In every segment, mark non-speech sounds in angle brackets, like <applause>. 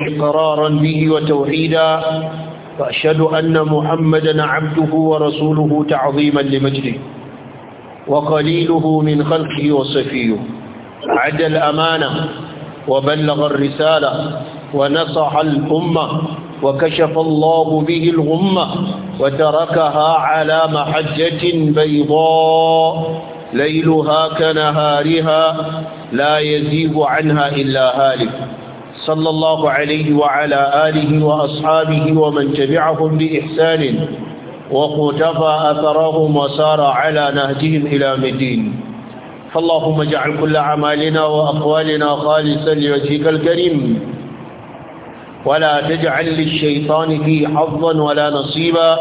إقرارا به وتوحيدا وأشهد أن محمدا عبده ورسوله تعظيما لمجده وقليله من خلقه وصفيه عد الأمانة وبلغ الرسالة ونصح الأمة وكشف الله به الغمة وتركها على محجة بيضاء ليلها كنهارها لا يزيغ عنها إلا هالك صلى الله عليه وعلى آله وأصحابه ومن تبعهم بإحسان وقتفى أثرهم وسار على نهجهم إلى مدين فاللهم اجعل كل عمالنا وأقوالنا خالصا لوجهك الكريم ولا تجعل للشيطان في حظا ولا نصيبا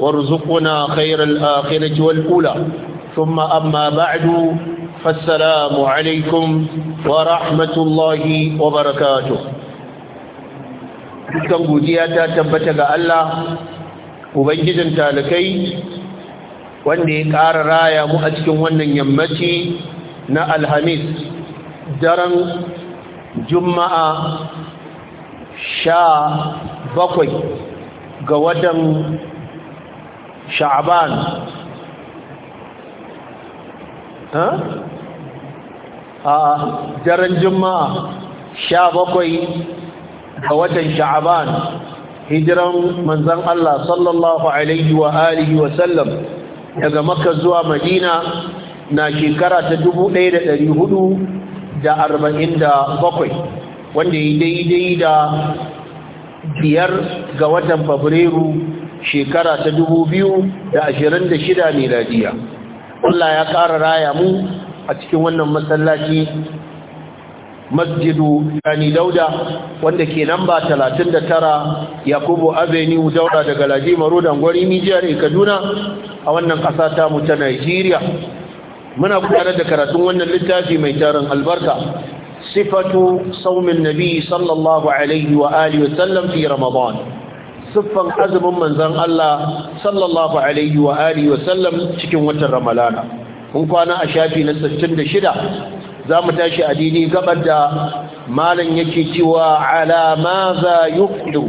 وارزقنا خير الآخرة والأولى ثم أما بعد فالسلام عليكم ورحمة الله وبركاته dukkan godiya ta tabbata ga Allah ubangijin talakai wanda ya ƙara raya mu a cikin wannan yammaci na alhamis daren juma'a sha bakwai ga watan sha'aban a daren juma'a sha bakwai ga watan sha'aban hijiran manzan Allah sallallahu alaihi wa alihi wa sallam daga makka zuwa madina na shekara ta bakwai, wanda ya daidai da biyar ga watan fabrairu shekara ta 2026 miladiya Allah ya ƙara raya mu a cikin wannan masallaci masjidu yani dauda wanda ke namba 39 yakubu avenue dauda daga lajima rodan gwari nijiyar kaduna a wannan ƙasa tamu ta nigeria muna gudanar da karatun wannan littafi mai tarin albarka sifatu saumin nabi sallallahu alaihi wa alihi wa sallam fi ramadan siffan azumin manzon Allah sallallahu alaihi wa alihi wa sallam cikin watan ramadana kun kwana a shafi na 66 za mu tashi a dini gabar da malam yake cewa ala ma za yuqdu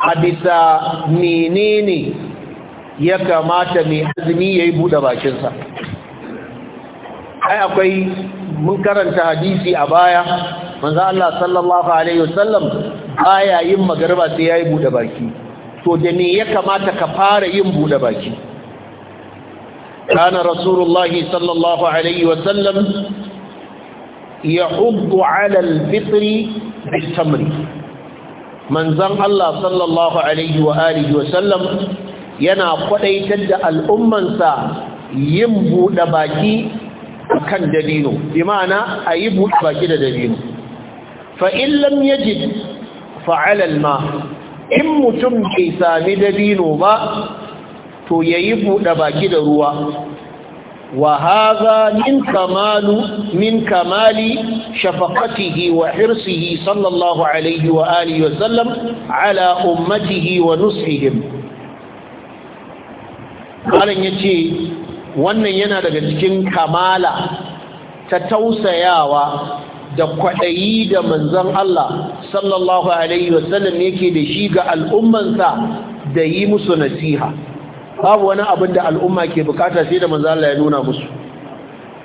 a bisa menene ya kamata mai azumi ya yi buɗe bakinsa ai akwai mun karanta hadisi a baya manzo Allah sallallahu alaihi wasallam baya yin magarba sai yi buɗe baki to da me ya kamata ka fara yin buɗe baki كان رسول الله صلى الله عليه وسلم يحض على الفطر بالتمر من زن الله صلى الله عليه وآله وسلم yana kwadaitar da al'ummansa yin buɗe baki kan dalino bi ma'ana a yi buɗe baki da dalino fa'in lam yajid fa'alal ma in mutum bai sami dabino ba to yayi buɗe baki da ruwa wa min kamalu min kamali shafaqatihi wa hirsihi sallallahu alaihi wa alihi wa sallam ala ummatihi wa nusihim malan yace wannan yana daga cikin kamala ta tausayawa da kwaɗayi da manzon Allah sallallahu Alaihi wasallam yake da shi ga al'ummansa da yi musu nasiha. babu wani abin da al'umma ke bukata sai da manzo Allah ya nuna musu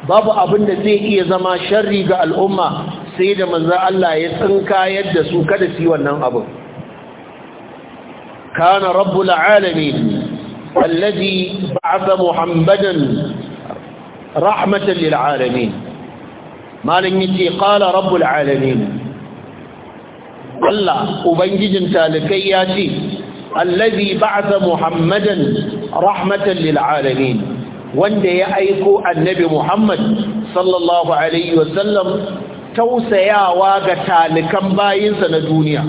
babu abin da zai iya zama sharri ga al'umma sai da manzo Allah ya tsinka yadda su kada su yi wannan abin kana rabbul alamin alladhi ba'atha muhammadan rahmatan lil alamin malin yace qala rabbul alamin Allah ubangijin talikai ya ce allazi ba'atha muhammadan rahmatan lil alamin wanda ya aiko annabi muhammad sallallahu alaihi wasallam tausayawa ga talikan bayinsa na duniya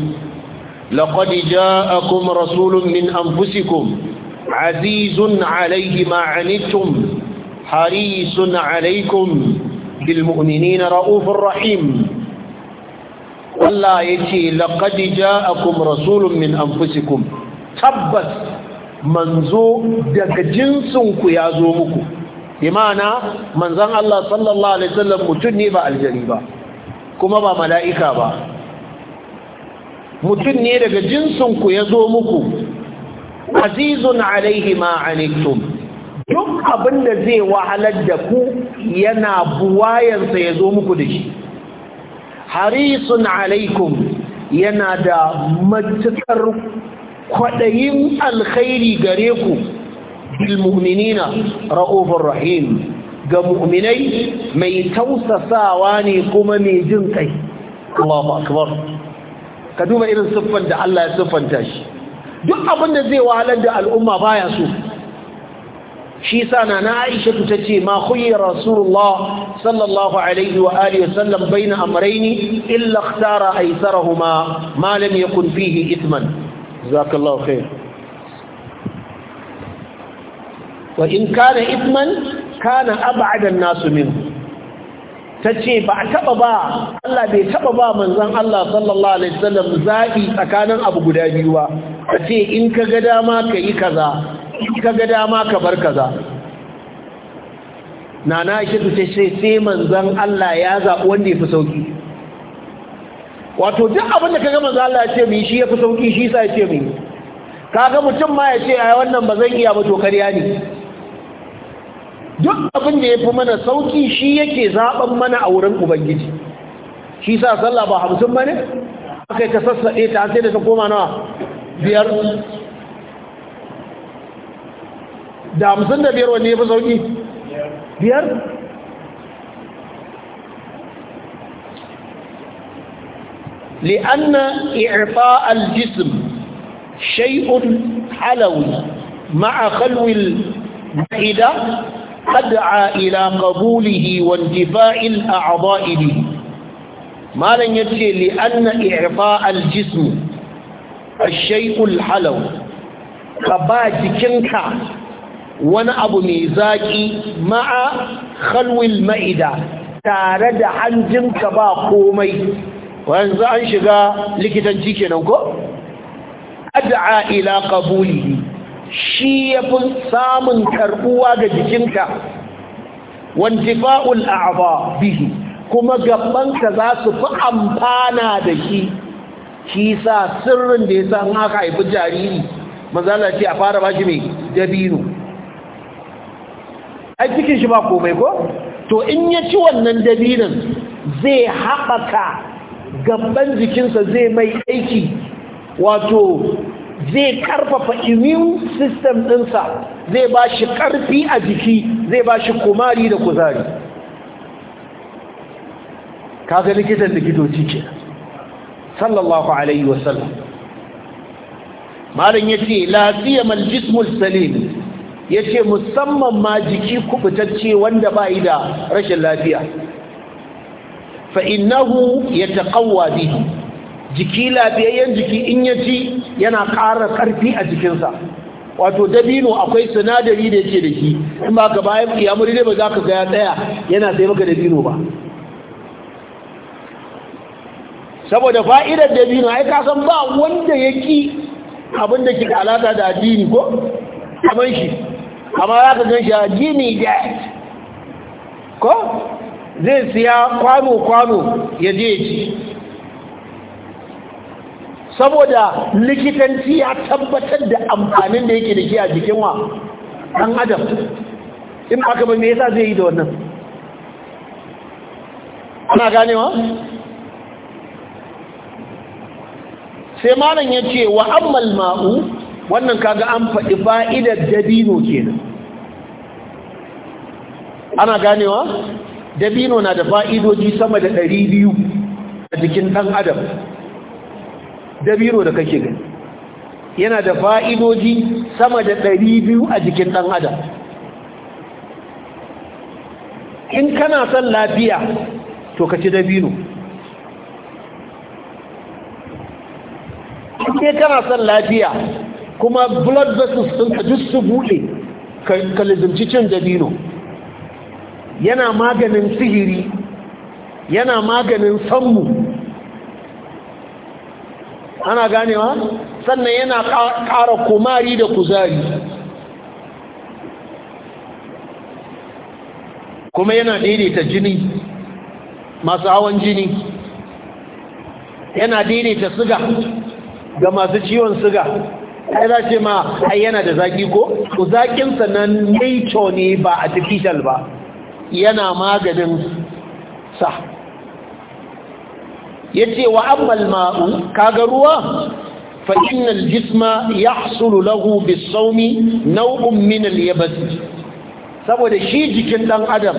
laqad ja'akum rasulun min anfusikum azizun alayhi ma anittum harisun alaykum bil mu'minina raufur rahim Allah yace laqad ja'akum rasulun min anfusikum tabbas manzo daga jinsinku ya zo muku imana manzan Allah sallallahu Alaihi wasallam mutum ne ba aljari ba kuma ba mala'ika ba mutum ne daga jinsinku ya zo muku azizun alaihi anittum duk abin da zai wahalar da ku yana buwayensa ya zo muku da shi harisun alaikum yana da matukar kwaɗayin alkhairi gare ku bilmuminina ra'ufin rahim ga mu'minai mai tausasawa ne kuma mai jin kai Allahu akbar ka duba irin siffan da Allah ya siffanta shi duk abinda zai wahalar da al'umma baya so shi sa na Aisha ta ce ma khuyya rasulullah sallallahu alaihi wa alihi wa sallam baina amrayni illa ikhtara aysarahuma ma lam yakun fihi ithman jazakallahu khair wa in kana ithman kana ab'ada an-nas minhu tace ba a taba ba Allah bai taba ba manzon Allah sallallahu alaihi wasallam zabi tsakanin abu guda biyu ba tace in ka ga dama ka yi kaza in ka ga dama ka bar kaza nana shi tace sai manzon Allah ya zabi wanda yafi sauki wato duk abin da kaga manzo Allah ya ce mi shi fi sauki shi sa ya ce mu kaga mutum ma ya ce ai wannan ba zan iya ba to kariya ne duk abin da fi mana sauki shi yake zaben mana a wurin ubangiji shi sa sallah ba hamsin bane akai ta sassaɗe ta sai da ta koma nawa biyar da hamsin da biyar wanne ya fi sauki biyar لأن إعطاء الجسم شيء حلوي مع خلو المعدة أدعى إلى قبوله وانتفاع الأعضاء به ما لن يتشي لأن إعطاء الجسم الشيء الحلو كباتكنك وانا أبو ميزاكي مع خلو المعدة تارد عن جنك باقومي wanzu an shiga likitanci kenan ko ad'a ila qabulihi shi yafi samun karbuwa ga jikinka wantifa'ul a'dha bihi kuma gabanka za su fi amfana da shi shi sa sirrin da yasa an haka haifi jariri manzala ce a fara bashi mai dabino ai cikin shi ba komai ko to in ya ci wannan dabinon zai haɓaka gaban jikinsa zai mai aiki wato zai karfafa immune system ɗinsa zai ba shi ƙarfi a jiki zai ba shi kumari da kuzari kaga likitan likitoci ke sallallahu alaihi wasallam malam ya ce lafiya maljismul salim ya ce musamman ma jiki kubutacce wanda ba da rashin lafiya fa innahu yataqawwa bihi jiki lafiyayyan jiki in ya yana ƙara ƙarfi a jikinsa wato dabino akwai sinadari da yake da shi in ba ka bayan kiyamuri ne ba za ka gaya tsaya yana sai maka dabino ba saboda fa'idar dabino ai ka san ba wanda ya ki abin da ke alaka da addini ko kamar shi amma za ka gan shi addini da ko zai siya kwano-kwano ya je ci saboda likitanci ya tabbatar da amfanin da yake da ke a jikin wa ɗan adam in aka ba me yasa zai yi da wannan ana ganewa sai malam ya ce wa ammal ma'u wannan kaga an faɗi fa'idar dabino kenan ana ganewa dabino na da fa'idoji sama da ɗari biyu a jikin ɗan adam dabino da kake gani yana da fa'idoji sama da ɗari biyu a jikin ɗan adam in kana son lafiya to ka ci dabino in kana son lafiya kuma blood vessels sun ka duk su buɗe ka lizimci cin dabino yana maganin sihiri yana maganin sanmu ana ganewa sannan yana ƙara kumari da kuzari kuma yana daidaita jini masu hawan jini yana daidaita suga, ga masu ciwon suga. ai za ce ma ai yana da zaƙi ko zakinsa na nature ne ba artificial ba yana maganin sa ce wa ammal ma'u kaga ruwa fa innal ya yahsulu lahu bis-sawmi naw'un min saboda shi jikin dan adam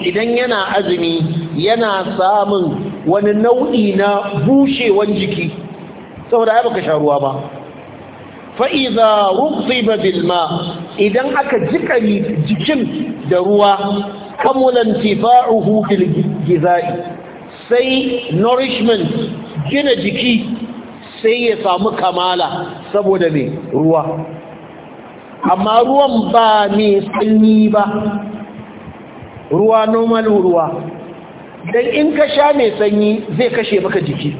idan yana azumi yana samun wani nau'i na bushewan jiki saboda ai baka sha ruwa ba fa'iza ba bilma idan aka jika jikin da ruwa kamula intifa'uhu bil gizai sai nourishment gina jiki sai ya samu kamala saboda mai ruwa amma ruwan ba mai sanyi ba ruwa normal ruwa don in ka sha mai sanyi zai kashe maka jiki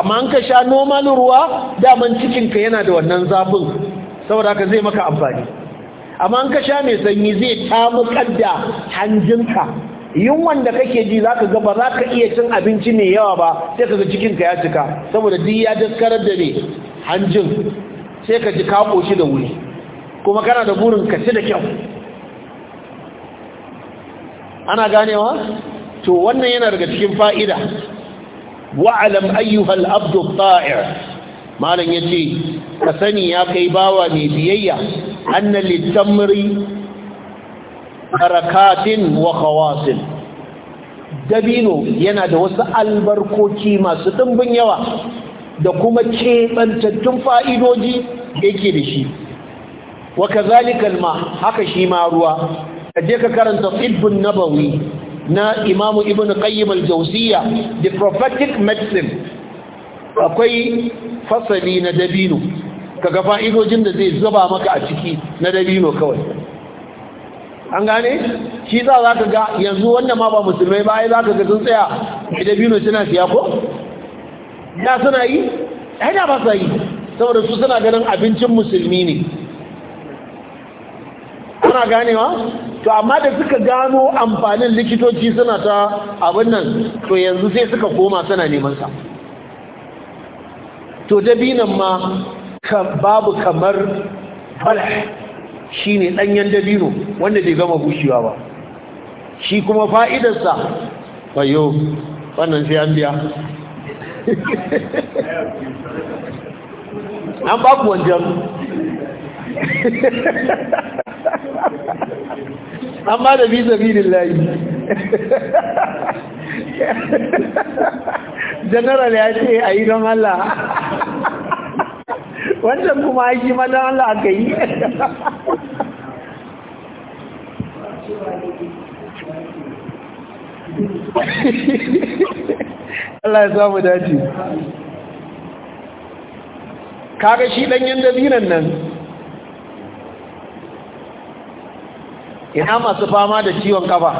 amma in ka sha normal ruwa daman cikinka yana da wannan zafin saboda zai maka amfani amma an ka sha mai sanyi zai tamukar da hanjinka yunwan da kake ji za ka ga ba za ka iya cin abinci mai yawa ba sai ka ga cikinka ya cika saboda duk ya daskarar da ne hanjin sai ka ji ka koshi da wuri kuma kana da burin ka da kyau ana ganewa to wannan yana daga cikin fa'ida wa'alam ayyuhal abdu ta'ir malam ya ce ka sani ya kai bawa mai biyayya annan littamri harakatin wa dabino yana da wasu albarkoki masu ɗimbin yawa da kuma keɓantattun fa'idoji yake da shi wa kazalikal ma haka shi ma ruwa kaje ka karanta ibn nabawi na imamu ibn qayyim al the prophetic medicine akwai fasali na dabino kaga fa'idojin da zai zuba maka a ciki na dabino kawai an gane shi za za ka ga yanzu wannan ma ba musulmai ba ai za ka ga sun tsaya da dabino suna siya ko Ya suna yi ai da ba sa yi saboda su suna ganin abincin musulmi ne kuna ganewa to amma da suka gano amfanin likitoci suna ta abin nan to yanzu sai suka koma suna neman sa to dabinan ma babu kamar shi ne ɗanyen dabino wanda bai gama bushewa ba shi kuma fa'idarsa bayo wannan sai an biya <laughs> an ba ku wajen. <laughs> an ba da fi layi <laughs> general ya ce a yi don Allah wannan kuma shi madan Allah aka yi Allah ya samu daji kaga shi ɗanyen dabinan nan ina masu fama da ciwon kafa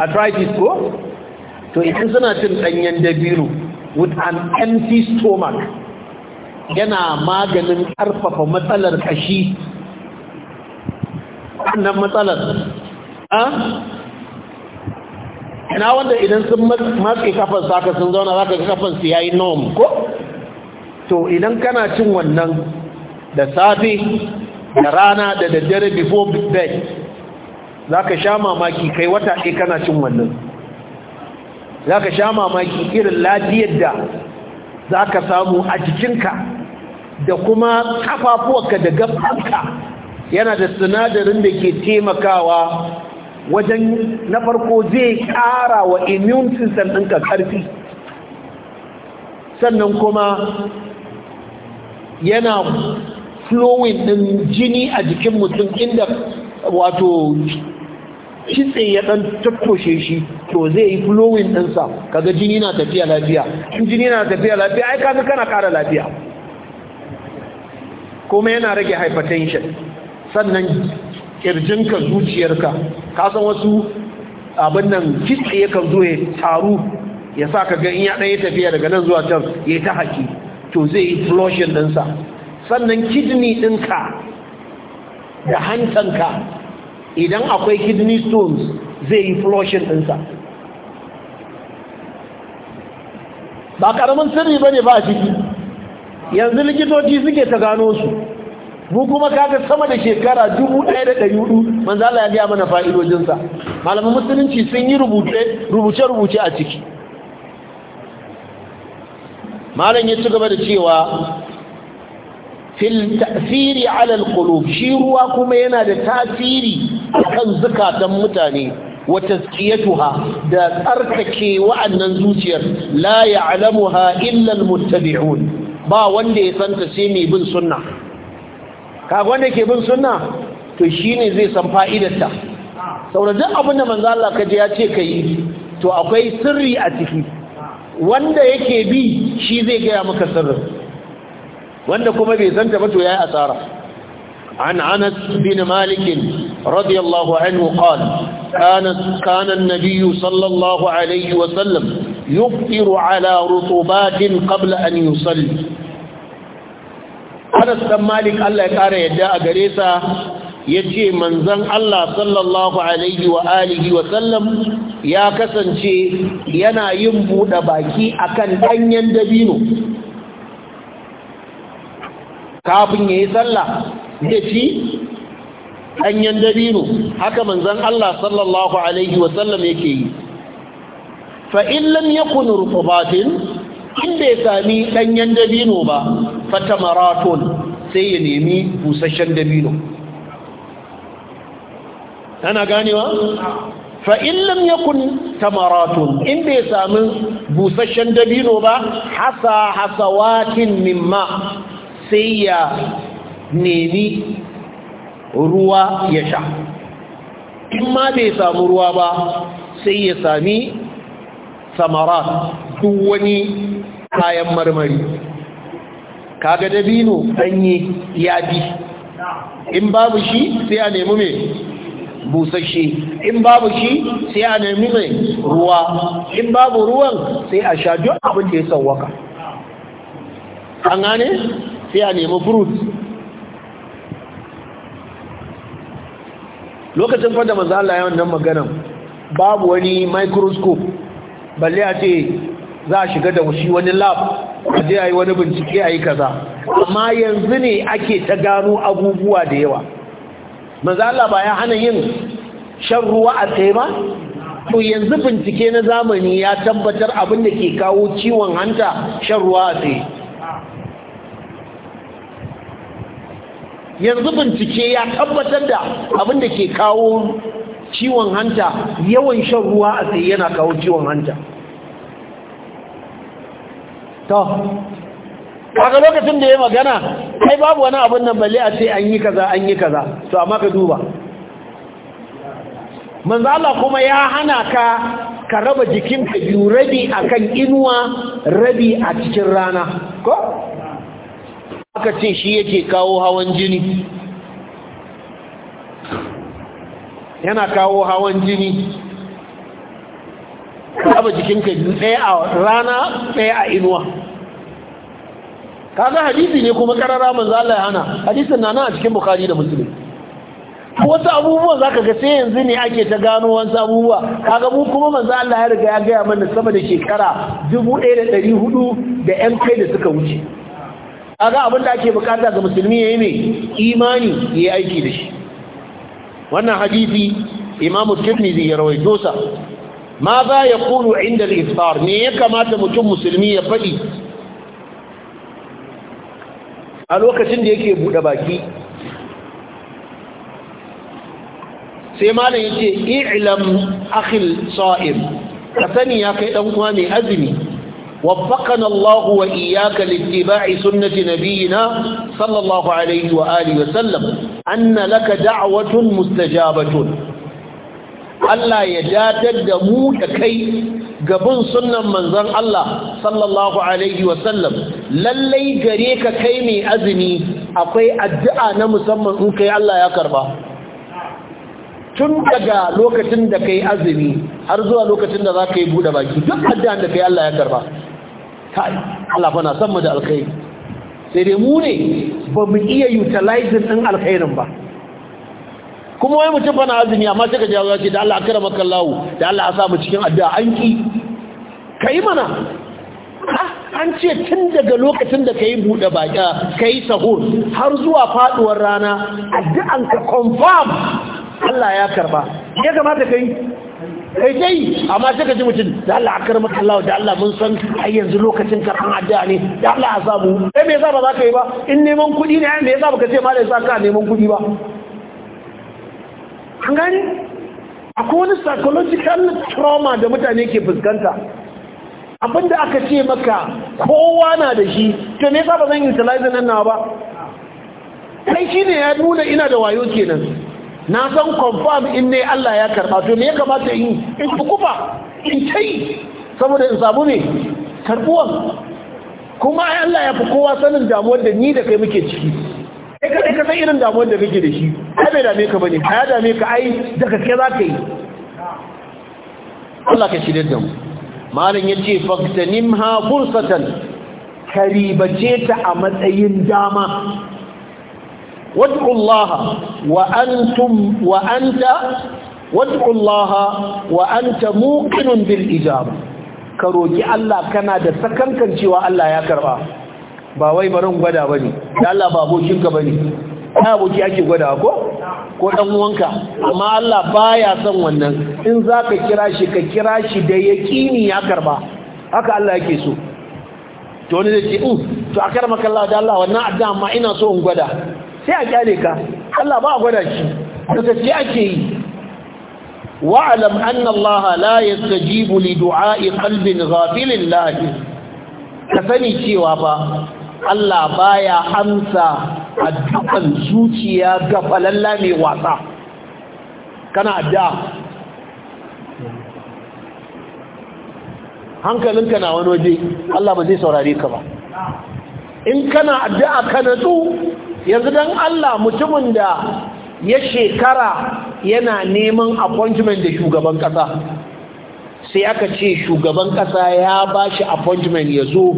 arthritis ko to idan suna cin ɗanyen dabino with an empty stomach yana maganin ƙarfafa matsalar kashi wannan matsalar a ina wanda idan sun matse kafin saka sun zauna za ga kafin su yayi norm ko to idan kana cin wannan da safe da rana da daddare before bed Za ka sha mamaki kai wata ɗaya kana cin wannan Za ka sha mamaki irin lafiyar da za ka samu a jikinka da kuma kafafuwarka da gabanka yana da sinadarin da ke taimakawa wajen na farko zai kara wa immune system ɗinka ƙarfi sannan kuma yana flowing ɗin jini a jikin mutum inda wato kitse ya dan tattoshe shi to zai yi flowing ɗinsa kaga jini na tafiya lafiya in jini na tafiya lafiya ai kafin kana kara lafiya kuma yana rage hypertension sannan kirjinka zuciyarka ka san wasu abin nan kitse yakan zo ya taru ya sa ka ga in ya yi tafiya daga nan zuwa can ya ta haƙi to zai yi flushing ɗinsa sannan kidney ɗinka da hantanka idan akwai kidney stones zai yi flushing ɗinsa ba ƙaramin sirri ba ne ba a ciki yanzu likitoci suke ta gano su mu kuma kaga sama da shekara 1400 manzo Allah ya gaya mana fa'idojinsa malamin musulunci sun yi rubuce-rubuce a ciki malam ya ci gaba da cewa fil ta'siri ala shi ruwa kuma yana da tasiri kan zukatan mutane wa tazkiyatuha da tsarkake wa'annan zuciyar la ya'lamuha illa almuttabi'un ba wanda ya santa sai mai bin sunna ka wanda ke bin sunna to shine zai san fa'idarta saboda duk abin da manzo Allah kaje ya ce kai to akwai sirri a ciki wanda yake bi shi zai gaya maka sirrin wanda kuma bai santa ba to yayi asara عن أنس بن مالك رضي الله عنه قال كان, كان النبي صلى الله عليه وسلم يفطر على رطوبات قبل أن يصلي Anas dan Malik Allah ya kara yadda a gare sa yace manzon Allah sallallahu alaihi wa alihi wa sallam ya kasance yana yin buɗe baki akan danyen dabino kafin yayi sallah zai fi ɗanyen dabino haka manzan Allah sallallahu Alaihi wasallam yake yi fa'in lam ya kunu rukubatin inda ya sami ɗanyen dabino ba fata maraton sai ya nemi busasshen dabino ana ganewa? fa'in lam ya ta maraton in bai sami busasshen dabino ba hasa hasawatin mimma sai ya nemi ruwa ya sha in ma bai samu ruwa ba sai ya sami samara duk wani kayan marmari kaga dabino danye ya bi in babu shi sai a nemi mai busasshe in babu shi sai a nemi mai ruwa in babu ruwan sai a sha duk abin da ya sauwaka an gane sai a nemi fruit lokacin fada manzo Allah ya wannan maganan babu wani microscope balle a ce za a shiga da shi wani lab a je a wani bincike ayi kaza amma yanzu ne ake ta gano abubuwa da yawa manzo Allah ba ya hana yin shan ruwa a tsaye ba to yanzu bincike na zamani ya tabbatar abin da ke kawo ciwon hanta shan ruwa a tsaye yanzu bincike ya tabbatar da abin da ke kawo ciwon hanta yawan shan ruwa a tsaye yana kawo ciwon hanta to kaga lokacin da ya magana ai babu wani abin nan balle a ce an yi kaza an yi kaza to amma ka duba Manzala kuma ya hana ka ka raba jikinka biyu rabi akan inuwa rabi a cikin rana ko aka ce shi yake kawo hawan jini yana kawo hawan jini kaba jikinka ɗaya a rana ɗaya a inuwa kaga hadisi ne kuma karara manzo Allah ya hana hadisin na nan a cikin bukhari da muslim wasu abubuwan zaka ga sai yanzu ne ake ta gano wasu abubuwa kaga mu kuma manzo Allah ya riga ya ga mana sama da shekara 1400 da MK da suka wuce kaga abin da ake bukata ga musulmi yayi ne imani yayi aiki da shi wannan hadisi Imam Tirmidhi ya rawaito sa ma ba ya kulu inda al-iftar me ya kamata mutum musulmi ya faɗi a lokacin da yake bude baki sai malam yace i'lam akhil sa'im ka sani ya kai dan uwa mai azumi وفقنا الله وإياك لاتباع سنة نبينا صلى الله عليه وآله وسلم أن لك دعوة مستجابة Allah ya datar da mu da kai gaban sunan manzon Allah sallallahu alaihi wasallam lallai gare ka kai mai azumi akwai addu'a na musamman in kai Allah ya karba tun daga lokacin da kai azumi har zuwa lokacin da za ka yi buɗe baki duk addu'an da kai Allah ya karba kai Allah fa na san mu da alkhairi sai dai mu ne ba mu iya utilize din alkhairin ba kuma wai mutum fa na azumi amma sai ka ya ce da Allah akrama kallahu da Allah a sa mu cikin addu'a an ki kai mana an ce tun daga lokacin da ka yi buɗe kai ka yi sahur har zuwa faɗuwar rana addu'anka confirm Allah ya karba ya kamata ka yi kai dai amma sai ka ji mutum da Allah akar maka Allah da Allah mun san har yanzu lokacin karban addu'a ne da Allah a samu kai me yasa ba za ka yi ba in neman kuɗi ne me yasa baka ce ma da ka neman kuɗi ba an gane akwai wani psychological trauma da mutane ke fuskanta abinda aka ce maka kowa na da shi to me yasa ba zan utilize nan na ba kai shine ya nuna ina da wayo kenan na san confirm in ne Allah ya karba to me ya kamata in in kufa in kai saboda in samu ne karbuwan kuma ai Allah ya fi kowa sanin damuwar da ni da kai muke ciki kai kai ka san irin damuwar da kake da shi ai bai dame ka bane ai dame ka ai da kake za ka yi Allah ka shirye da mu malam yace faqtanimha fursatan karibace ta a matsayin dama وادعوا الله وأنتم وأنت وادعوا الله وأنت موقن بالإجابة كروجي الله كان da sakankan cewa Allah ya karba ba wai barin gwada bane da Allah ba abokinka bane ai aboki ake gwada ko ko dan uwanka amma Allah baya son wannan in zaka kira shi ka kira shi da yaqini ya karba haka Allah yake so to ne ce in mm, to a karmaka Allah da Allah wannan addu'a amma ina so in gwada sai a kyale ka Allah ba a gwada shi da gaske ake yi wa'alam anna Allah la yastajibu li du'a'i qalbin ghafilin lahi ka sani cewa ba Allah baya amsa addu'an zuciya ga falalla mai wasa kana addu'a hankalinka na wani waje Allah ba zai saurare ka ba in kana addu'a ka natsu yanzu don Allah mutumin da ya shekara yana neman appointment da shugaban kasa sai aka ce shugaban kasa ya ba shi appointment ya zo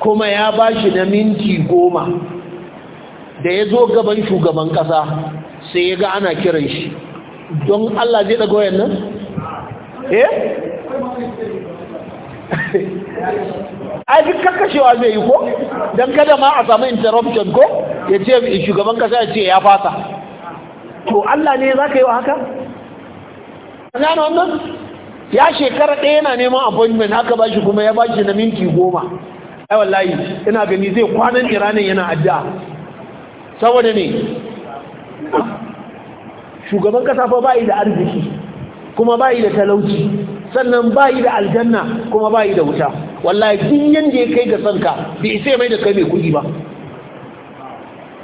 kuma ya ba shi na minti goma da ya zo gaban shugaban kasa sai ya ga ana kiran shi don Allah zai da wayan nan? eh? ai duk karkashewa zai yi ko don kada ma a samu interruption ko ya ce shugaban kasa ya ce ya fasa to Allah ne za ka yi wa haka? gane wannan ya shekara ɗaya yana neman appointment haka ba shi kuma ya ba shi na minti goma ai wallahi ina gani zai kwanan iranin yana addu'a saboda ne shugaban kasa fa bai da arziki kuma bai da talauci sannan bai da aljanna kuma bai da wuta wallahi duk yanda ya kai ga sanka bai isa mai da kai mai kuɗi ba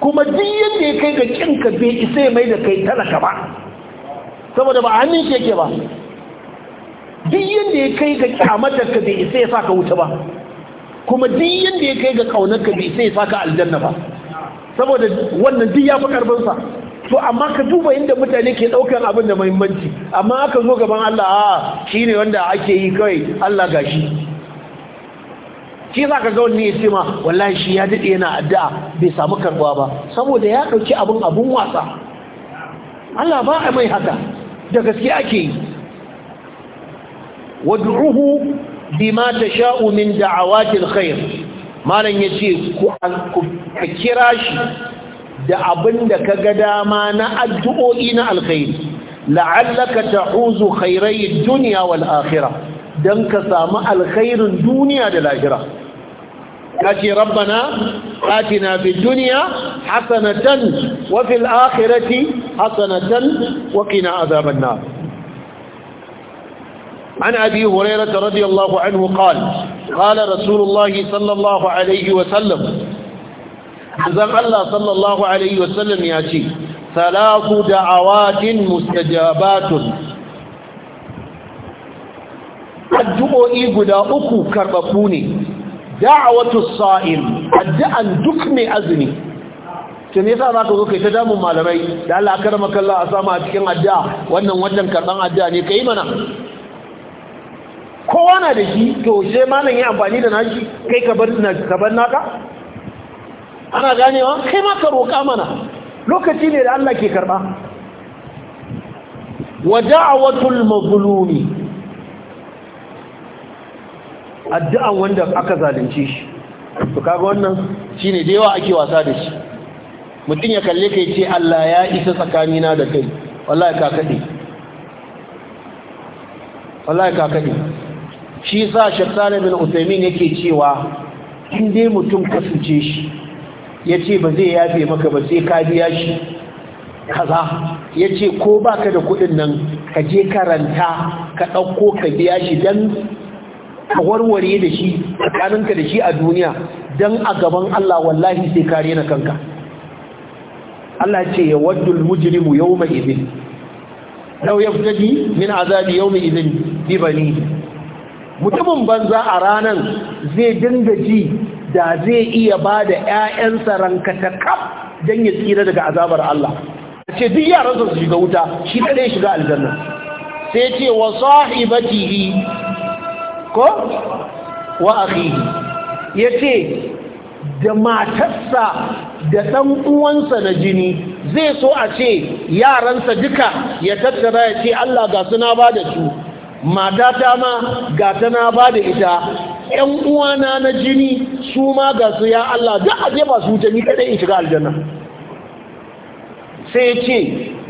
kuma duk yanda ya kai ga kinka bai isa mai da kai talaka ba saboda ba hannun shi yake ba duk yanda ya kai ga kyamatar ka bai isa ya saka wuta ba kuma duk yanda ya kai ga kaunar ka bai isa ya saka aljanna ba saboda wannan din ya fi karfin sa to amma ka duba inda mutane ke daukan abin da muhimmanci amma aka zo gaban Allah a shine wanda ake yi kai Allah gashi shi za ka ga wani ya ce ma wallahi shi ya daɗe yana addu'a bai samu karɓuwa ba saboda ya ɗauki abin abun wasa Allah ba a mai haka da gaske ake yi wad'uhu bima Umin, min da'awatil khair malam yace ku kira shi da abin da ka ga dama na addu'o'i na alkhairi la'allaka ta'uzu khairai dunya wal akhirah dan ka samu alkhairin duniya da lahira ya rabbana atina duniya hasanatan wa fil akhirati hasanatan wa qina azaban nar عن أبي هريرة رضي الله عنه قال قال sallallahu الله wa sallam عليه وسلم زم الله صلى الله عليه وسلم ياتي ثلاث addu'o'i guda uku karɓaɓɓu ne da'awatu sa'im addu'an duk mai azumi kin yasa zaka zo kai ta damun malamai da Allah karama kallah a sama a cikin addu'a wannan wannan karban addu'a ne kai mana kowa na da shi to sai malam ya amfani da nashi kai ka bar na ka bar naka ana ganewa kai ma ka roƙa mana lokaci ne da Allah ke karba wa da'awatul mazlumi addu'an wanda aka zalunce shi su kaga wannan Shi ne da yawa ake wasa da shi mutum ya kalle yi ce Allah ya isa tsakanina da kai wallahi ka kaɗe wallahi ka kaɗe shi sa na bin Usaimin yake cewa in dai mutum kasance shi ya ce ba zai yafe maka ba sai ka biya shi kaza ce ko ba ka da kuɗin nan ka je karanta ka ɗauko ka biya shi dan ka warware da shi tsakaninka da shi a duniya don a gaban Allah wallahi sai kare na kanka Allah ce ya waddul mujrimu Yau ya fi yaftadi min azabi yawma izin, bi ni. mutumin banza a ranan zai dinga ji da zai iya ba da 'ya'yansa rankata kaf don ya tsira daga azabar Allah ce duk yaransa su shiga wuta shi kadai shiga aljanna sai ce wa sahibatihi ko wa akhihi yace da matarsa da ɗan uwansa na jini zai so a ce yaransa duka ya tattara ya ce Allah ga suna ba da su matata ma ga tana ba da ita ‘yan uwana na jini su ma ga su ya Allah da a je ba su wuce ni kaɗai in shiga aljanna sai ce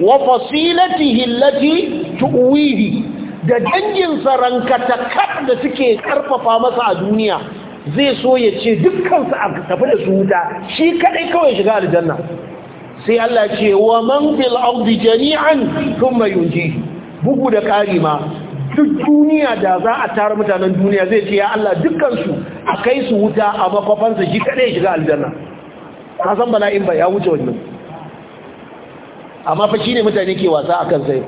wa fasilati hillati tu'wihi da danginsa rankatakar da suke karfafa masa a duniya zai so ya ce dukkansu a tafi da su wuta shi kaɗai kawai shiga aljanna sai Allah ce wa man fil ardi jami'an thumma yunji bugu da ƙari ma duk duniya da za a tara mutanen duniya zai ce ya Allah dukkansu a kai su wuta a makwafansa shi kadai shiga aljanna ka san bala'in ba ya wuce wannan amma fa shine mutane ke wasa akan sai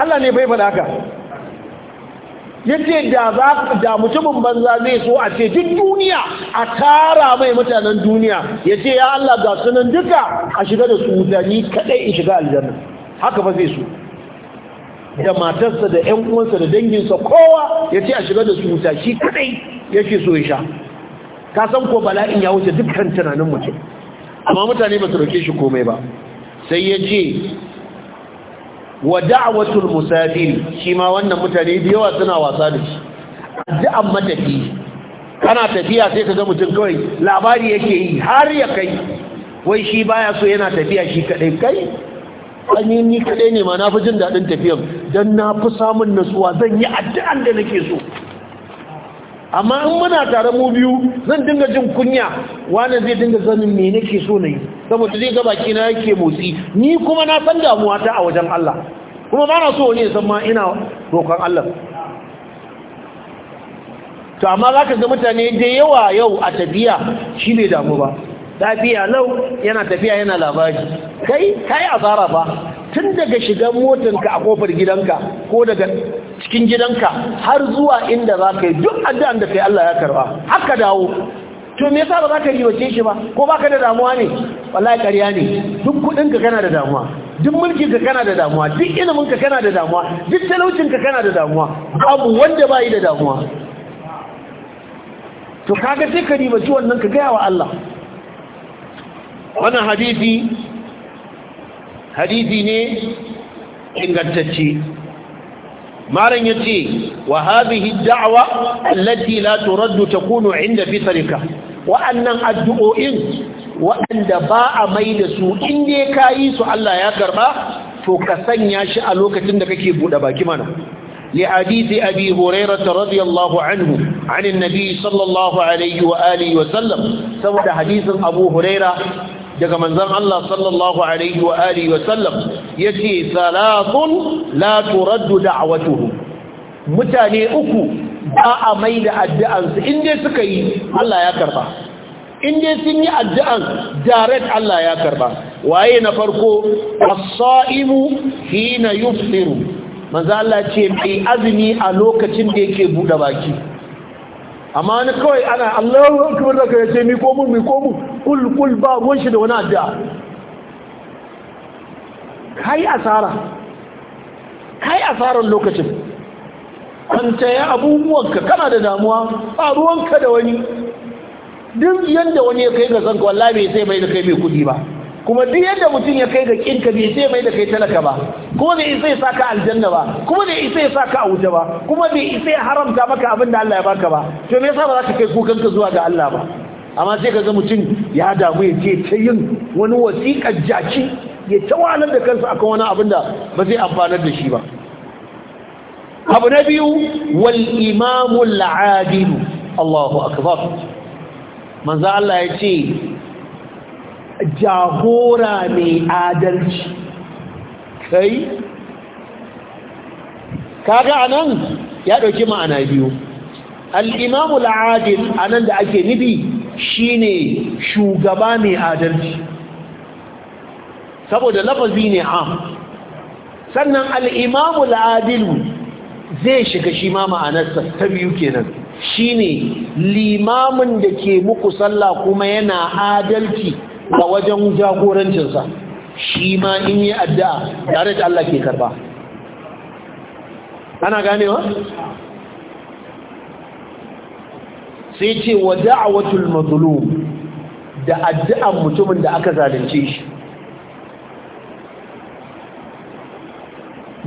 Allah ne bai faɗa haka yace da mutumin banza zai so a ce duk duniya a tara mai mutanen duniya yace ya Allah ga sunan duka a shiga da su wuta ni kadai in shiga aljanna haka ba zai so da matarsa da ƴan uwansa da danginsa kowa yace a shiga da su wuta shi kadai yake so ya sha ka san ko bala'in ya wuce dukkan tunanin mutum amma mutane ba su roke shi komai ba sai yace wa da'watul musafiri shi ma wannan mutane da yawa suna wasa da shi addu'an matafi kana tafiya sai ka ga mutum kawai labari yake yi har ya kai wai shi baya so yana tafiya shi kadai kai ani ni kadai ne ma fi jin dadin tafiyar dan nafi samun nasuwa zan yi addu'an da nake so amma in muna tare mu biyu zan dinga jin kunya wani zai dinga sanin me nake so na saboda zai ga baki na yake motsi ni kuma na san damuwa ta a wajen Allah kuma ba na so wani ya san ma ina rokon Allah to amma za ka ga mutane da yawa yau a tafiya shi bai damu ba tafiya lau yana tafiya yana labari kai kai zara ba tun daga shigan motanka a kofar gidanka ko daga cikin gidanka har zuwa inda za ka yi duk addu'an da kai Allah ya karba haka dawo to me yasa ba za ka ribace shi ba ko baka da damuwa ne wallahi ƙarya ne duk kudin ka kana da damuwa duk mulkin ka kana da damuwa duk ilimin ka kana da damuwa duk talaucin ka kana da damuwa abu wanda bai da damuwa to kaga sai ka ribace wannan ka gaya wa Allah wannan hadisi hadisi ne ingantacce maran yace wa hadhihi da'wa allati la turaddu takunu inda fitrika wa'annan addu'o'in Waɗanda ba a mai da su inda kayi su Allah ya karba to ka sanya shi a lokacin da kake bude baki mana li hadisi abi hurairah radiyallahu anhu an annabi sallallahu alayhi wa alihi wa sallam saboda hadisin abu huraira daga manzan Allah sallallahu alaihi wa alihi wa sallam yace salatun la turaddu da'watuhum mutane uku ba a mai da addu'ansu in suka yi Allah ya karba in sun yi addu'an direct Allah ya karba waye na farko as-sa'imu hina yufsiru manzo Allah ce mai azumi a lokacin da yake buɗe baki amma ni kawai ana Allahu akbar da kai ce mi ko mu mi ko kulkul ba ruwan shi da wani addu'a kai asara kai asaran lokacin kwanta ya abubuwanka kana da damuwa ba ruwanka da wani duk yadda wani ya kai ga zanka wallahi bai sai mai da kai mai kudi ba kuma duk yadda mutum ya kai ga kinka bai sai mai da kai talaka ba kuma bai isa ya saka aljanna ba kuma bai isa ya saka a wuta ba kuma bai isa ya haramta maka abin da Allah ya baka ba to me yasa ba za ka kai kukanka zuwa ga Allah ba amma sai ka ga mutum ya damu ya ce ta yin wani wasiƙar jaki ya tawalar da kansa akan wani abin da ba zai amfanar da shi ba abu na biyu wal imamu Allahu akbar Manza Allah ya ce jagora mai adalci kai kaga anan ya ɗauki ma'ana biyu al imamu al'adil anan da ake nibi Shi ne shugaba mai adalci saboda lafazi ne am sannan al'imamu la'adilu zai shiga shi ma ma'anarsa ta biyu kenan Shi ne limamin da ke muku sallah kuma yana adalci a wajen jagorancinsa shi ma in yi addu'a tare da Allah ke karba ana ganewa sai ce wa da'awatul mazlum da addu'an mutumin da aka zalunce shi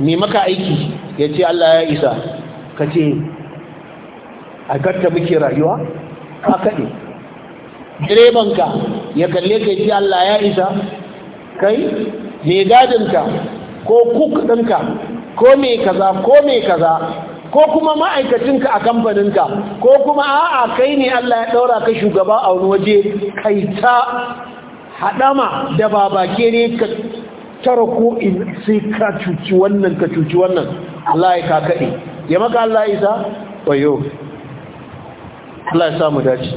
me maka aiki ya ce Allah ya isa ka ce a karta muke rayuwa ka kaɗe direbanka ya kalle ka ce Allah ya isa kai me gadinka ko kuk dinka ko me kaza ko me kaza ko kuma ma'aikacinka a kamfaninka ko kuma a'a kai ne Allah ya ɗaura ka shugaba a wani waje kai ta haɗama da babake ne ka tara ko in sai ka cuci wannan ka cuci wannan Allah ya kakaɗe ya maka Allah ya isa wayo Allah ya samu dace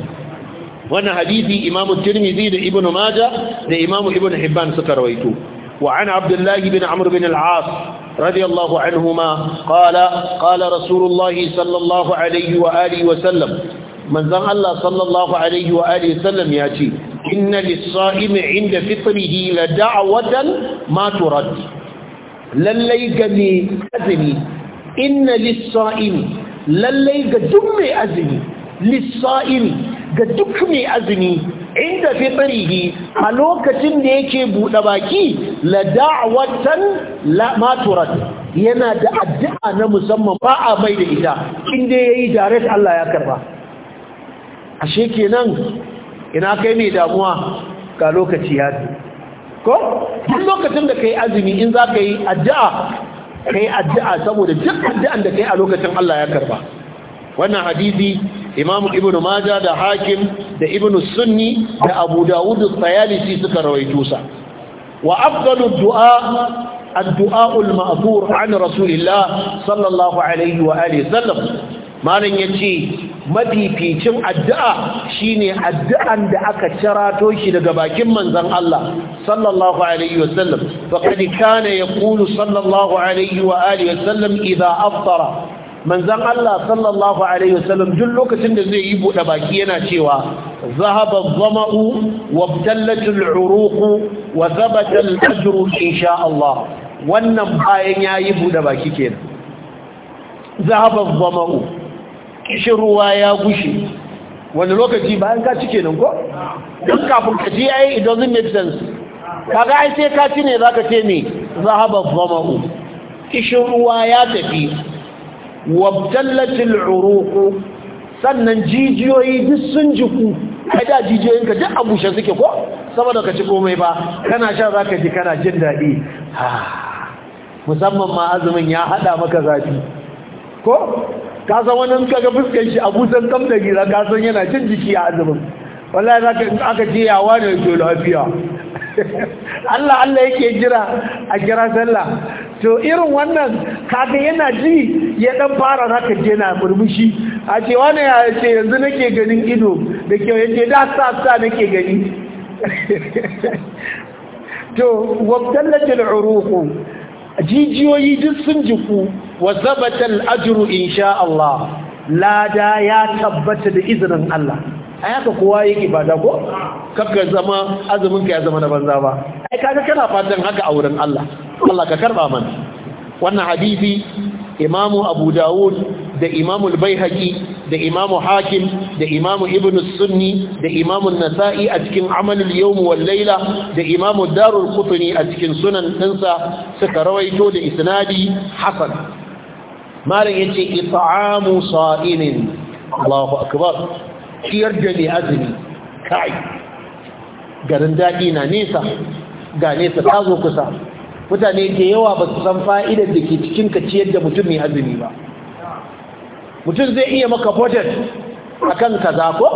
wannan hadisi Imam tirmidhi da Ibn maja da Imam Ibn hibban suka rawaito wa an abdullahi bin amr bin al-as رضي الله عنهما قال قال رسول الله صلى الله عليه وآله وسلم من ذن الله صلى الله عليه وآله وسلم يأتي إن للصائم عند فطره لدعوة ما ترد للي قمي أزمي إن للصائم للي قدم أزمي للصائم قدك أزمي inda tsarihi a lokacin da yake buɗe baki la da'awatan la maturat yana da addu'a na musamman ba a mai da ita inda yayi direct Allah ya karba ashe kenan ina kai mai damuwa ga lokaci ya ko duk lokacin da kai azumi in za ka yi addu'a kai addu'a saboda duk addu'an da kai a lokacin Allah ya karba wannan hadisi imamu ibn maja da hakim da ibn sunni da abu dawud tsayalisi suka rawaito sa wa afdalu du'a addu'a al-ma'thur an rasulillah sallallahu alaihi wa alihi sallam malan yace mafificin addu'a shine addu'an da aka cirato shi daga bakin manzon Allah sallallahu alaihi wa sallam faqad kana yaqulu sallallahu alaihi wa alihi wa sallam idha aftara manzan Allah sallallahu alaihi wasallam duk lokacin da zai yi buɗe baki yana cewa zahaba zama'u wabtallatul uruqu wa thabata al-ajru insha Allah wannan bayan yayi buɗe baki kenan zahaba zama'u kishruwa ya gushi. wani lokaci bayan ka cike nan ko duk kafin ka ji ai it doesn't make sense kaga ai sai ka ci ne zaka ce ne zahaba zama'u kishruwa ya tafi wabtallatil uruqu sannan jijiyoyi duk sun jiku da jijiyoyinka duk a bushe suke ko saboda ka ci komai ba kana shan zaka ji kana jin daɗi musamman ma azumin ya hada maka zafi ko ka san wannan kaga fuskar shi a busan kam da gira ka san yana jin jiki a azumin wallahi za ka aka yawa ne ke lafiya Allah Allah yake jira a jira sallah to irin wannan kaga yana ji ya dan fara zaka je na murmushi a ce wani ya ce yanzu nake ganin ido da kyau yace da sa sa nake gani <laughs> to wabtallatil uruqu jijiyoyi duk sun jiku wa zabatal ajru insha Allah lada ya tabbata da izinin Allah ai kowa yake ibada ko Kaka zama azumin ka ya zama na banza ba ai kaga kana fatan haka a wurin Allah Allah ka karba wannan hadisi imamu Abu da imamu Al-Baihaqi da imamu Hakim da imamu Ibn sunni da imamu Nasa'i a cikin Amal al-Yawm wal Layla da imamu Darul Qutni a cikin Sunan ɗinsa suka rawaito da isnadi hasan malam yace it'amu sa'imin Allahu akbar ciyar da ne azumi kai garin daɗi na nesa ga nesa ta zo kusa mutane ke yawa ba su san fa'idar da ke cikin ka ciyar da mutum mai azumi ba mutum zai iya maka budget a kan kaza ko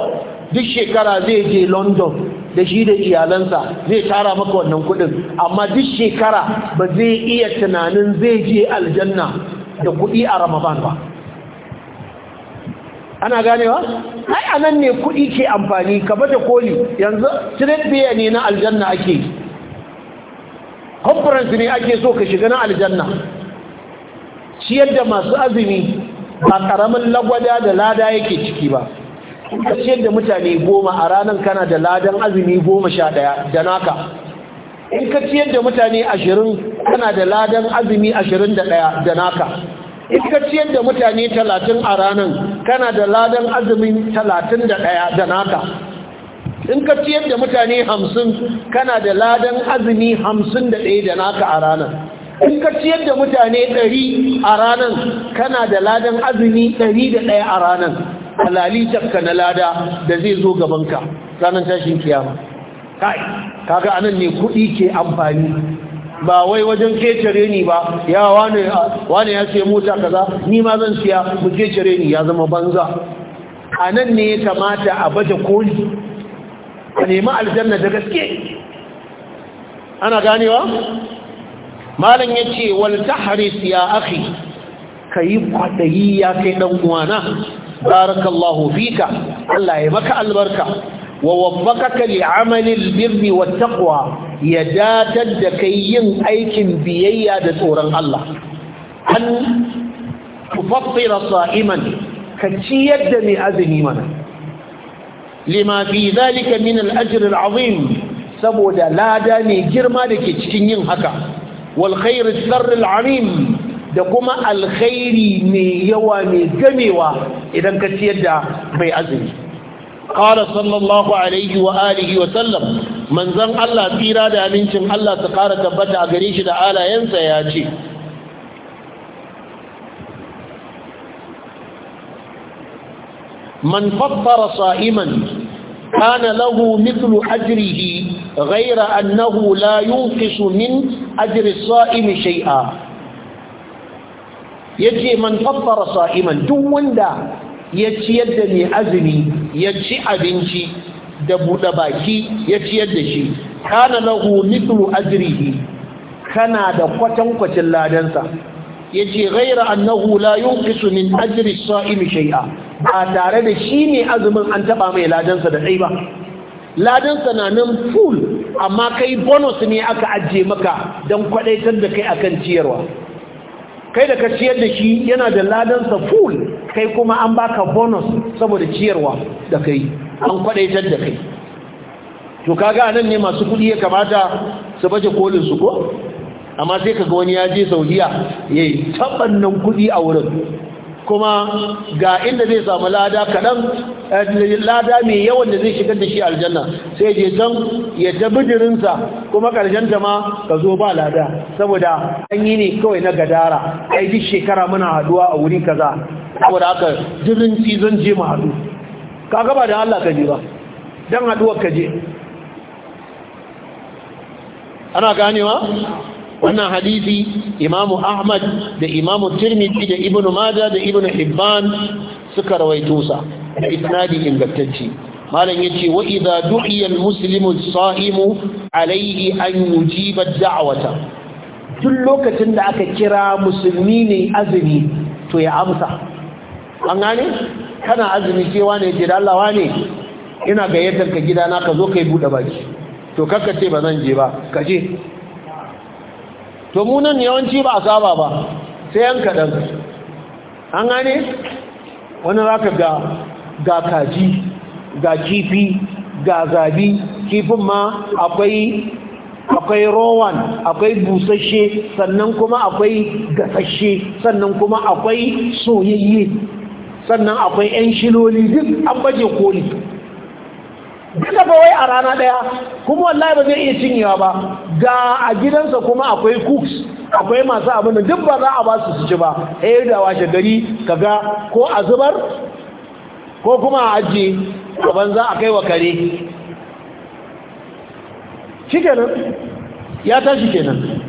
duk shekara zai je london da shi da iyalansa zai tara maka wannan kudin amma duk shekara ba zai iya tunanin zai je aljanna da kudi a ramadan ba ana ganewa ai anan ne kuɗi ke amfani ka bata koli yanzu trade biya ne na aljanna ake conference ne ake so ka shiga na aljanna ciyar da masu azumi ba ƙaramin lagwada da lada yake ciki ba ka ciyar da mutane goma a ranar kana da ladan azumi goma sha ɗaya da naka in ka ciyar da mutane ashirin kana da ladan azumi ashirin da ɗaya da naka in ka ciyar da mutane talatin a ranar kana da ladan azumin talatin da ɗaya da naka in ka ciyar da mutane hamsin kana da ladan azumi hamsin da ɗaya da naka a ranar in ka ciyar da mutane ɗari a ranar kana da ladan azumi ɗari da ɗaya a ranar takka na lada da zai zo gabanka ranar tashin kiyama kai kaga anan ne kuɗi ke amfani ba wai wajen kecere ni ba ya wane ya ce mota kaza ni ma zan siya mu kecere ni ya zama banza a nan ne ya kamata a baje koli a nemi aljanna da gaske ana ganewa malam ya ce wal tahris ya ka kayi kwadayi ya kai dan uwana barakallahu fika Allah ya maka albarka wa waffaqaka li'amali albirri wattaqwa ya datar da kai yin aikin biyayya da tsoron Allah an tufaffira iman. ka ciyar da mai azumi mana lima fi zalika min al al-azim saboda lada mai girma da ke cikin yin haka wal khair as da kuma alkhairi mai yawa mai gamewa idan ka ciyar da mai azumi ƙara sallallahu alaihi wa alihi wa sallam manzan Allah tsira da abincin, Allah ta kara tabbata a gare shi da alayensa ya ce man faffara sa'iman kana lahu mithlu ajrihi annahu la yunqisu min ajri sa'im shay'a yace man faffara sa'iman duk wanda ya ciyar da mai azumi ya ci abinci da buɗe baki ya ciyar da shi kana lahu mithlu ajrihi kana da kwatankwacin ladansa yace raira, annahu la yunqisu min ajri as-sa'im shay'a ba tare da shi ne azumin an taba mai ladansa da dai ba ladansa na nan full amma kai bonus ne aka ajiye maka don kwadaitar da kai akan ciyarwa kai da ka ciyar da shi yana da ladansa full kai kuma an baka bonus saboda ciyarwa da kai an kwadaitar da kai to kaga anan ne masu kudi ya kamata su baje kolin su ko amma sai kaga wani ya je saudiya yayi tabannan kudi a wurin kuma ga inda zai samu lada kaɗan eh, lada mai yawan da zai shigar da shi aljanna sai je can ya ta bijirinsa kuma karshen ta ma ka zo ba lada saboda an yi ne kawai na gadara ai duk shekara muna haduwa a wuri kaza saboda haka jirin cizon je mu haɗu ka gaba da Allah ka je ba dan haɗuwar ka je ana ganewa wannan hadisi imamu ahmad da imamu tirmidhi da ibnu majah da ibnu hibban suka rawaito sa da isnadi ingantacce malam yace wa idza du'iya almuslimu as-sa'imu alayhi an yujiba da'wata duk lokacin da aka kira musulmi ne azumi to ya amsa an gane kana azumi cewa ne jira Allah wane ina gayyatar ka gidana ka zo kai bude baki to kakka ce ba zan je ba ka je to munan yawanci ba a saba ba sai yan kaɗan an gane wani zaka ga ga kaji ga kifi ga zabi kifin ma akwai akwai rowan akwai busashe, sannan kuma akwai gasashe sannan kuma akwai soyayye sannan akwai 'yan shiloli duk an baje koli duka ba wai a rana ɗaya kuma wallahi ba zai iya cinyewa ba ga a gidansa kuma akwai cooks akwai masu abin da duk ba za a ba su su ci ba eh da washe gari kaga ko a zubar ko kuma a ajiye a banza a kai wa kare shi nan, ya tashi kenan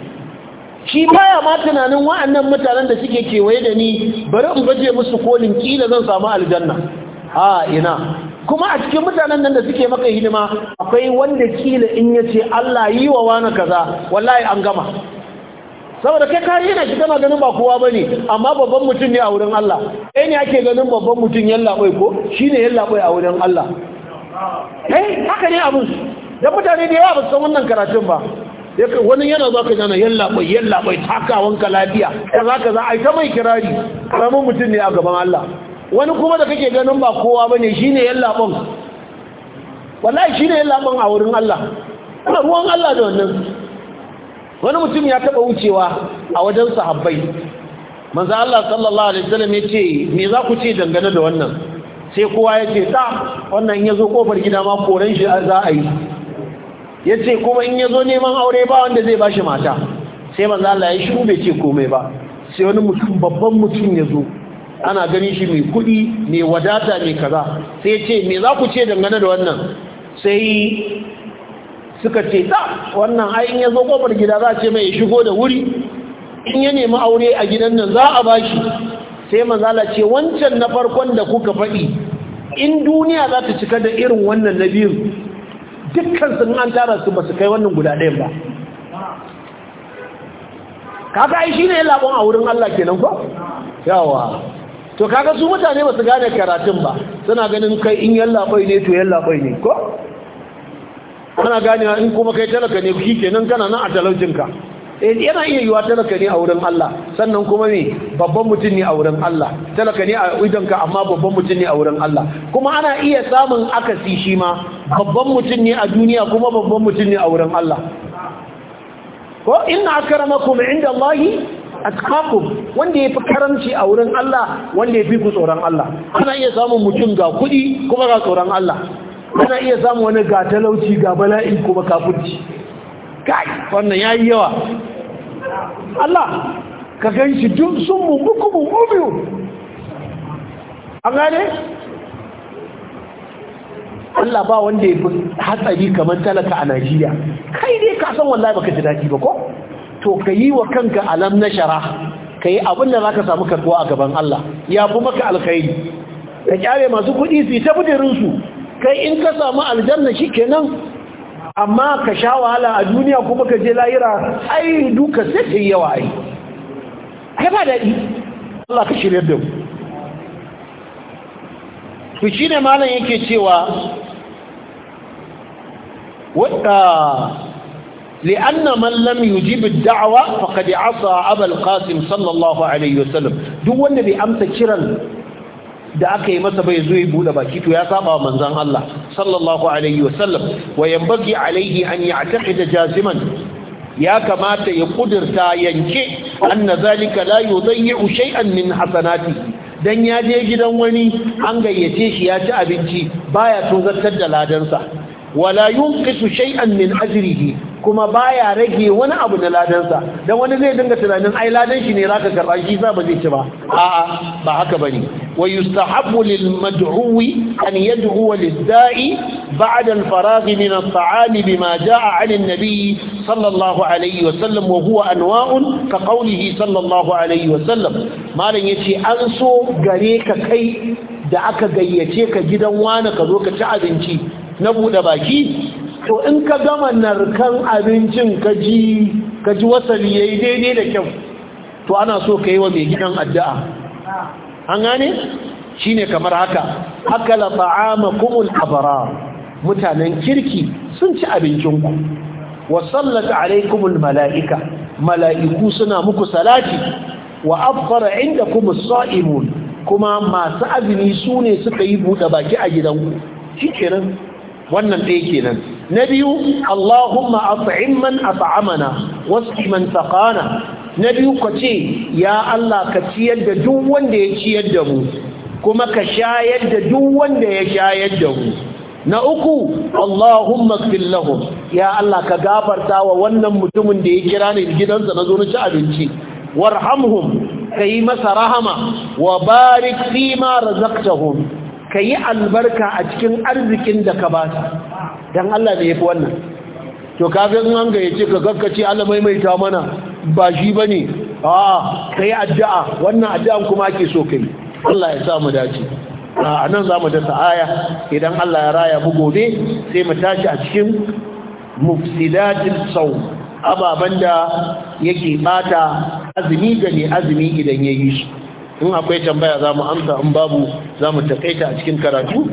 shi baya ma tunanin wa'annan mutanen da suke kewaye da ni bari in baje musu kolin kila zan samu aljanna a ina kuma a cikin mutanen nan da suke maka hidima akwai wanda kila in ya ce Allah yi wa wani kaza wallahi an gama saboda kai kare yana shi maganin ganin ba kowa bane amma babban mutum ne a wurin Allah kai ne ake ganin babban mutum yalla bai ko shine yalla bai a wurin Allah eh haka ne abun da mutane da yawa ba san wannan karatun ba wani yana za ka jana yalla bai yalla bai takawanka lafiya kaza kaza ai ta mai kirari karamin mutum ne a gaban Allah wani kuma da kake ganin ba kowa ba ne shi ne yan labon wallahi shi ne yan labon a wurin Allah kuma ruwan Allah da wannan wani mutum ya taɓa wucewa a wajen sahabbai manzo Allah sallallahu alaihi wasallam ya ce me za ku ce dangane da wannan sai kowa ya ce ta wannan ya zo kofar gida ma koran shi za a yi ya ce kuma in ya zo neman aure ba wanda zai ba shi mata sai manzo Allah ya shiru bai ce komai ba sai wani mutum babban mutum ya zo ana gani shi mai kuɗi mai wadata mai kaza sai ce me za ku ce dangane da wannan sai suka ce ta. wannan ayin ya zo kofar gida za a ce mai shigo da wuri in ya nemi aure a gidan nan za a bashi sai mazala ce wancan na farkon da kuka faɗi in duniya za ta cika da irin wannan na biyu dukkan sun an tara su ba su kai wannan guda ɗayan ba kaka ai ne labon a wurin Allah kenan ko yawa to kaga su mutane ba su gane karatun ba suna ganin kai in yalla yallaɓai ne to yalla yallaɓai ne ko kana ganewa in kuma kai talaka ne shi kenan kana nan a talaucinka eh, yana iya yiwa talaka ne a wurin Allah sannan kuma ne babban mutum ne a wurin Allah talaka ne a idonka amma babban mutum ne a wurin Allah kuma ana iya samun akasi shi ma babban mutum ne a duniya kuma babban mutum ne a wurin Allah ko inna akramakum inda Allahi atqakum wanda yafi karanci a wurin Allah wanda yafi ku tsoron Allah kana iya samun mutum ga kudi kuma ga tsoron Allah kana iya samun wani ga talauci ga bala'i kuma kafirci kai wannan yayi yawa Allah ka ganshi duk sun mu buku mu mubiyu an gane Allah ba wanda ya fi hatsari kamar talaka a Najeriya kai dai ka san wallahi baka ji daɗi ba ko to ka yi wa kanka alam na shara ka yi abin da za ka samu karkuwa a gaban Allah ya fi maka alkhairi ka kyare masu kuɗi su yi ta bujirinsu kai in ka samu aljanna shi kenan amma ka sha wahala a duniya kuma ka je lahira ai duka sai ta yi yawa ai ai ba daɗi Allah ka shirya da ku. shi ne malam yake cewa wadda ah, لأن من لم يجيب الدعوة فقد عصى أبا القاسم صلى الله عليه وسلم دو النبي أمس da aka yi masa bai zo ya buɗe baki to ya saba wa manzon Allah sallallahu alaihi wasallam wa yanbaghi alaihi an ya'taqida jaziman ya kamata ya kudurta yanke anna zalika la yudayyi'u shay'an min hasanati dan ya je gidan wani an gayyace shi ya ci abinci baya tozartar da ladansa wala yunqisu shay'an min ajrihi kuma baya rage wani abu na ladansa da wani zai dinga tunanin ai ladan shi ne zaka karɓa shi za ba zai ci ba a'a ba haka bane wa yustahabbu lil mad'uwi an yad'u lid da'i ba'da al faragh min at ta'ami bima ja'a 'ala an sallallahu alayhi wa sallam wa huwa anwa'un ka qawlihi sallallahu alayhi wa sallam malan yace an so gare ka kai da aka gayyace ka gidan wani ka zo ka ci abinci na buɗe baki to in ka gama narkan abincin ka ji wasali ya yi daidai da kyau to ana so ka yi wa mai gidan addu'a an gane shi ne kamar haka akala ta'ama kumul abara mutanen kirki sun ci abincinku wasallat alaikumul mala'ika mala'iku suna muku salati wa afkara inda kuma sa'imun kuma masu azumi su ne suka yi buɗe baki a gidanku shi kenan wannan ɗaya kenan na biyu Allahumma at'im man at'amana wasqi man saqana na biyu ka ce ya Allah ka ciyar da duk wanda ya ciyar da mu kuma ka shayar da duk wanda ya shayar da mu na uku Allahumma ighfir lahum ya Allah ka gafarta wa wannan mutumin da ya kira ni gidansa na zo na ci abinci warhamhum kai masa rahama wa barik fima razaqtahum ka yi albarka a cikin arzikin da ka ba ta don Allah da ya fi wannan to kafin an ce ka kakkace Allah maimaita mana ba shi ba ne a ka yi addu'a wannan addu'an kuma ake so kai. yi Allah ya samu dace a nan za mu dasa aya idan Allah ya raya mu gobe sai mu tashi a cikin mufsidatin sau ababen da yake bata azumi ga ne azumi idan ya yi shi in akwai tambaya za mu amsa in babu za mu taƙaita a cikin karatu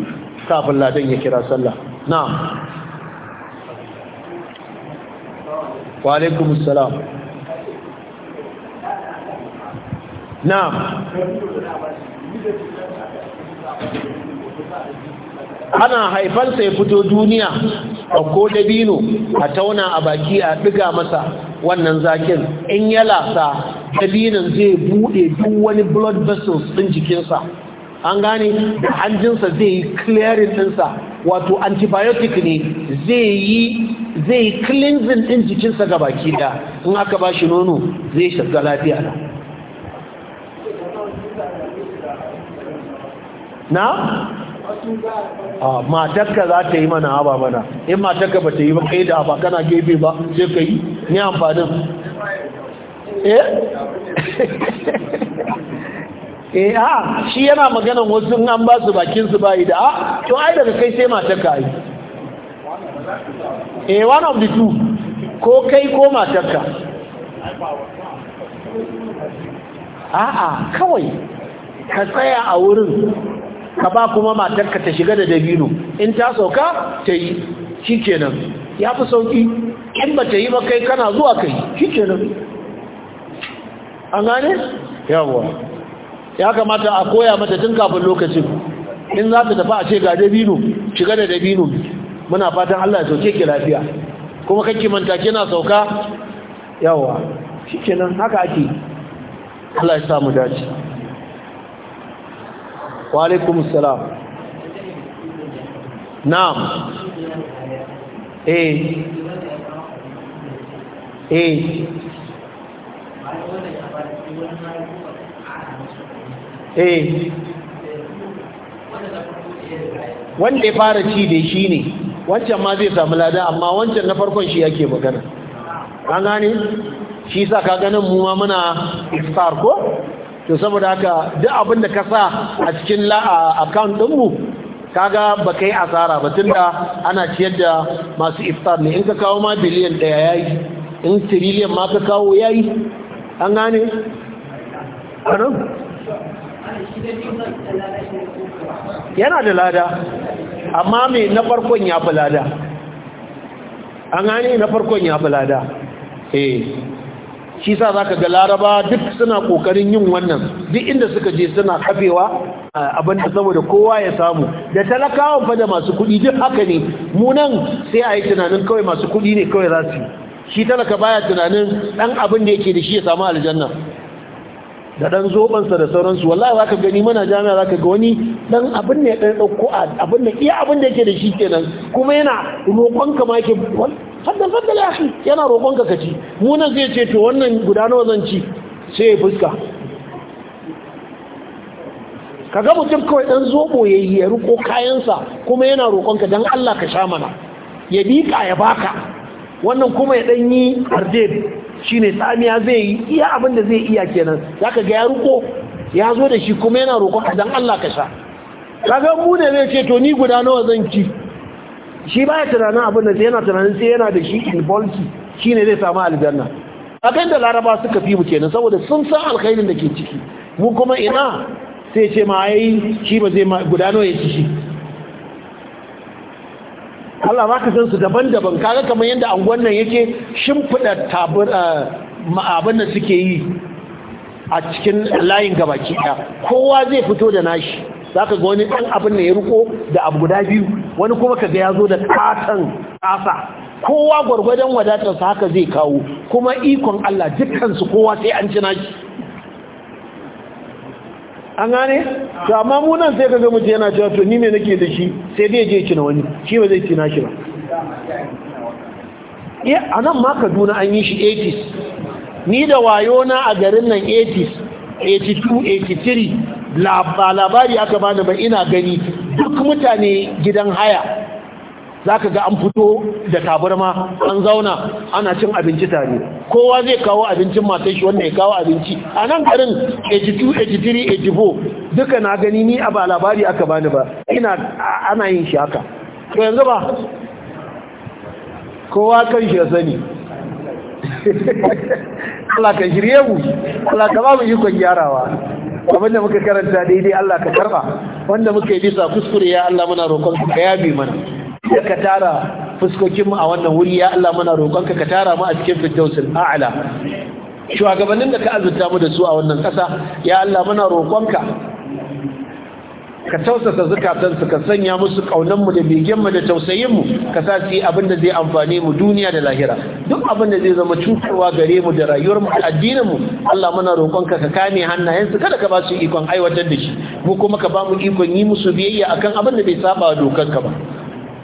kafin ladan ya kira sallah na walaikun salam na ana haifansa ya fito duniya ko dabino a tauna a baki a diga masa wannan zakin in ya lasa dabinon zai bude duk wani blood vessels din jikinsa an gane da hanjinsa zai yi clearing ɗinsa wato antibiotic ne zai yi zai cleansing din jikinsa ga baki da in aka ba shi nono zai shiga lafiya na na a matakka za ta yi mana haba mana in matakka ba ta yi ba kai da haba kana gefe ba sai ka yi ni amfanin eh <laughs> eh shi yana maganan wasu an ba su bakin su bayi da a ah, to ai daga kai sai matakka yi eh one of the two ko kai ko matakka a'a kawai ka tsaya a wurin ka ba kuma matarka ta shiga da dabino in ta sauka ta yi shi kenan ya fi sauki in ba ta yi makai kai kana zuwa kai shi kenan an gane? yawwa ya kamata a koya mata tun kafin lokacin in za ta tafi a ce ga dabino shiga da dabino muna fatan Allah ya sauke ki lafiya kuma kake manta kina sauka shi kenan haka ake Allah ya samu dace wa alaikum salam na'am eh eh eh wanda ya fara ci da shi ne wancan ma zai samu lada amma wancan na farkon shi yake magana an gane shi sa ka ganin mu ma muna iftar ko to saboda haka duk abin da ka sa a cikin account mu, kaga ba kai asara ba tunda ana ciyar da masu iftar ne in ka kawo ma biliyan ɗaya yayi in tiriliyan ma ka kawo yayi an gane yana da lada amma mai na farkon ya fi lada an gane na farkon ya fi lada eh shi sa za ka ga laraba duk suna ƙoƙarin yin wannan duk inda suka je suna kafewa abin da saboda kowa ya samu da talakawa fa da masu kuɗi duk haka ne mu nan sai a yi tunanin kawai masu kuɗi ne kawai za su yi shi talaka baya tunanin ɗan abin da yake da shi ya samu aljanna da dan zobansa da sauransu wallahi zaka gani muna jami'a zaka ga wani dan abin ne dan dauko abin da iya abin da yake da shi kenan kuma yana roƙon ka ma yake fadda fadda ya shi yana roƙon ka kaci mu nan zai ce to wannan guda nawa zan ci sai ya fuska kaga mutum kawai dan zobo yayi ya riko kayansa kuma yana roƙon ka dan Allah ka sha mana ya bika ya baka wannan kuma ya dan yi arde shine ya zai yi iya abin zai iya kenan ka ga ya ruko ya zo da shi kuma yana roƙon idan Allah ka sha kaga mu zai ce to ni guda nawa zan ci shi ba ya tunanin abin da yana tunanin sai yana da shi Shi ne zai samu aljanna abin da laraba suka fi mu kenan saboda sun san alkhairin da ke ciki mu kuma ina sai ce ma yi shi ba zai guda nawa ya ci shi Allah ba ka san su daban-daban kaga kamar yadda angon nan yake shimfiɗa tabur eh, abin da suke yi a cikin layin gabaki ɗaya kowa zai fito da nashi za ka ga wani ɗan abin da ya riko da abu guda biyu wani kuma ka ga ya zo da katon ƙasa kowa gwargwadon wadatarsa haka zai kawo kuma ikon Allah dukkansu kowa sai an ci nashi an gane to amma mu nan sai kaga mutum yana cewa to ni me nake da shi sai dai je ci wani shi ba zai ci shi ba ya anan ma Kaduna an yi shi 80s ni da wayo na a garin nan 80s 82 83 labari aka bani ba ina gani duk mutane gidan haya za ka ga an fito da tabarma an zauna ana cin abinci tare kowa zai kawo abincin matan shi wanda ya kawo abinci a nan garin 82 83 84 duka na gani ni a ba labari aka bani ba ina ana yin shi haka to yanzu ba kowa kan shi ya sani <laughs> Allah ka shirye mu Allah ka ba mu yi kon gyarawa abinda muka karanta daidai Allah ka karba wanda muka yi bisa kuskure ya Allah muna roƙon ka yabi mana da ka tara fuskokinmu a wannan wuri ya Allah muna roƙonka ka tara mu a cikin fitausul a'la shugabannin da ka azurta mu da su a wannan ƙasa ya Allah muna roƙonka ka tausasa su ka sanya musu mu da mu da tausayinmu ka sa su abin da zai amfane mu duniya da lahira duk abin da zai zama cutarwa gare mu da rayuwarmu da mu Allah muna roƙonka ka kame su kada ka ba su ikon aiwatar da shi mu kuma ka ba mu ikon yi musu biyayya akan abin da bai saba ka ba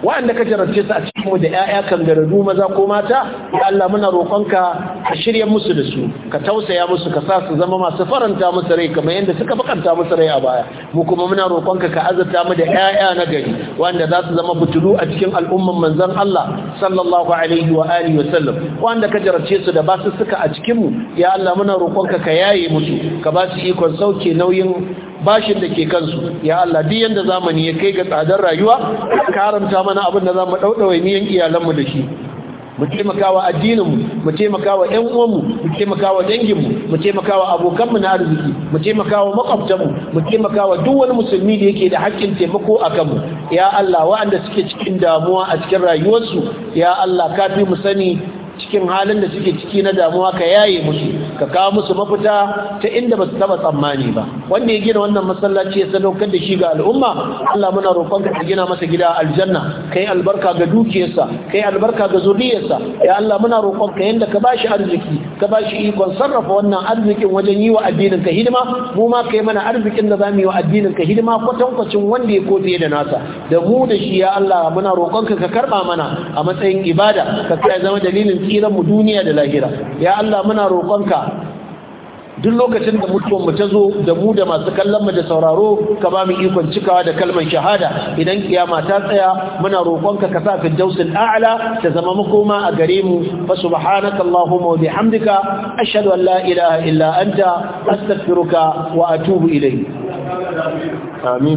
wa'anda ka jarabce su a cikin da 'ya'ya kan garadu maza ko mata ya Allah muna roƙonka ka shirya musu da su ka tausaya musu ka sa su zama masu faranta musu rai kamar yadda suka bakanta musu rai a baya mu kuma muna roƙonka ka azata mu da 'ya'ya na gari wa'anda za su zama butulu a cikin al'umman manzon Allah sallallahu alaihi wa alihi wa sallam wa'anda ka jarabce su da su suka a cikin mu ya Allah muna roƙonka ka yaye musu ka ba su ikon sauke nauyin bashin da ke kansu ya Allah duk yanda zamani ya kai ga tsadar rayuwa karanta mana abin da zamu daudawa niyan iyalanmu da shi mu taimakawa addininmu mu taimakawa ƴan uwanmu mu taimakawa danginmu mu taimakawa abokanmu na arziki mu taimakawa makwabtanmu mu taimakawa duk wani musulmi da yake da haƙƙin taimako a kanmu ya Allah waɗanda suke cikin damuwa a cikin rayuwarsu ya Allah ka fi mu sani cikin halin da suke ciki na damuwa ka yaye musu ka kawo musu mafita ta inda ba su taba tsammani ba wanda ya gina wannan masallaci ya sadaukar da shi ga al'umma Allah muna roƙon ka gina masa gida aljanna kai albarka ga dukiyarsa kai albarka ga zuriyarsa ya Allah muna roƙon ka yanda ka bashi arziki ka bashi ikon sarrafa wannan arzikin wajen yi wa addinin ka hidima mu ma kai mana arzikin da zamu yi wa addinin ka hidima kwatankwacin wanda ya kofiye da nasa da mu da shi ya Allah muna roƙon ka ka karba mana a matsayin ibada ka kai zama dalilin tsiran mu duniya da lahira ya Allah muna roƙonka duk lokacin da mutuwar mu ta zo da mu da masu kallon mu da sauraro ka ba mu ikon cikawa da kalmar shahada idan kiyama ta tsaya muna roƙonka ka sa fi jausin a'la ta zama makoma a gare mu fa subhanaka allahumma wa bihamdika ashhadu an la ilaha illa anta astaghfiruka wa atubu ilayk amin